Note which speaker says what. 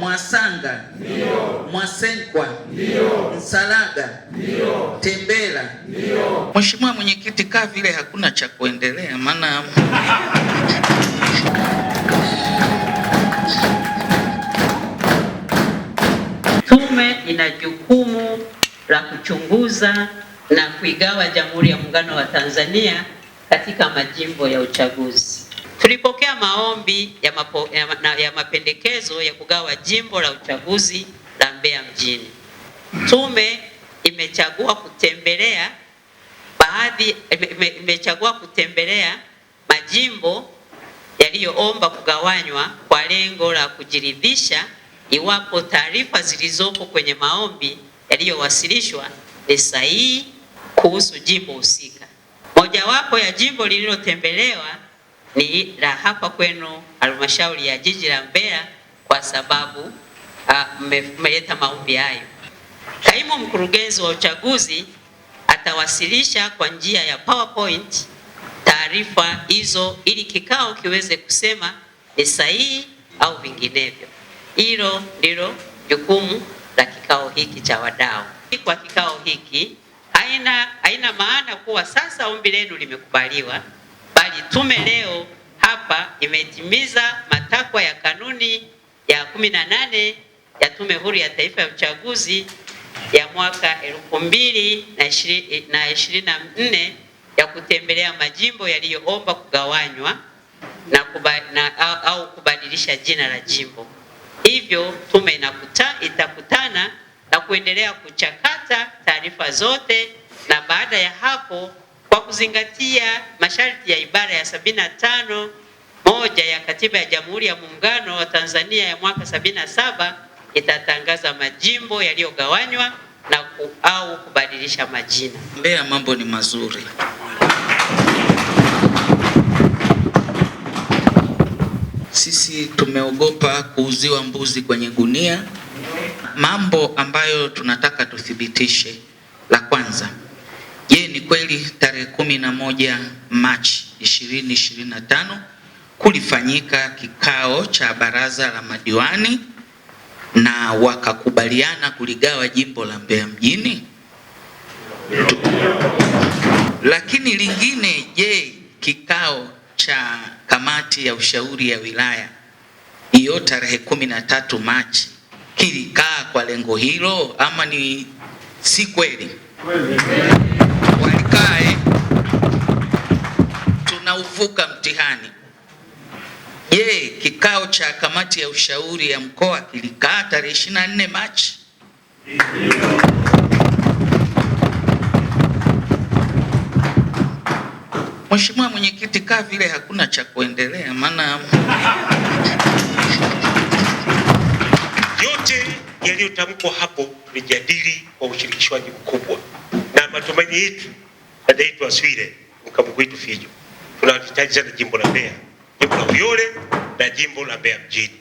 Speaker 1: Mwasanga
Speaker 2: ndio.
Speaker 1: Mwasenkwa
Speaker 2: ndio.
Speaker 1: Msalaga
Speaker 2: ndio.
Speaker 1: Tembela
Speaker 2: ndio.
Speaker 1: Mheshimiwa Mwenyekiti, kaa vile hakuna cha kuendelea maana tume ina jukumu la kuchunguza na kuigawa Jamhuri ya Muungano wa Tanzania katika majimbo ya uchaguzi. Tulipokea maombi ya, mapo, ya, na, ya mapendekezo ya kugawa jimbo la uchaguzi la Mbeya mjini. Tume imechagua kutembelea baadhi ime, imechagua kutembelea majimbo yaliyoomba kugawanywa kwa lengo la kujiridhisha iwapo taarifa zilizopo kwenye maombi yaliyowasilishwa ni sahihi kuhusu jimbo husika. Mojawapo ya jimbo lililotembelewa ni la hapa kwenu halmashauri ya jiji la Mbeya kwa sababu ah, mmeleta maombi hayo. Kaimu mkurugenzi wa uchaguzi atawasilisha kwa njia ya PowerPoint taarifa hizo ili kikao kiweze kusema ni sahihi au vinginevyo. Hilo ndilo jukumu la kikao hiki cha wadau. Kwa kikao hiki haina haina maana kuwa sasa ombi lenu limekubaliwa. Tume leo hapa imetimiza matakwa ya kanuni ya kumi na nane ya Tume Huru ya Taifa ya Uchaguzi ya mwaka elfu mbili na ishirini na nne ya kutembelea majimbo yaliyoomba kugawanywa na kuba, na, au, au kubadilisha jina la jimbo. Hivyo tume inakuta, itakutana na kuendelea kuchakata taarifa zote na baada ya hapo kwa kuzingatia masharti ya ibara ya sabini na tano moja ya Katiba ya Jamhuri ya Muungano wa Tanzania ya mwaka sabini na saba itatangaza majimbo yaliyogawanywa na ku, au kubadilisha majina.
Speaker 3: Mbeya mambo ni mazuri. Sisi tumeogopa kuuziwa mbuzi kwenye gunia. Mambo ambayo tunataka tuthibitishe, la kwanza Je, ni kweli tarehe kumi na moja Machi 2025 kulifanyika kikao cha baraza la madiwani na wakakubaliana kuligawa jimbo la Mbeya mjini? Lakini lingine, je, kikao cha kamati ya ushauri ya wilaya hiyo tarehe kumi na tatu Machi kilikaa kwa lengo hilo ama ni si kweli? hauvuka mtihani. Je, kikao cha kamati ya ushauri ya mkoa kilikaa tarehe 24 Machi?
Speaker 1: Mheshimiwa Mwenyekiti, kaa vile hakuna cha kuendelea, maana
Speaker 4: yote yaliyotamkwa hapo tulijadili kwa ushirikishwaji mkubwa, na matumaini yetu dada yetu Aswile Fijo tunahitaji sana jimbo la Mbeya, jimbo la Uyole na jimbo la Mbeya mjini.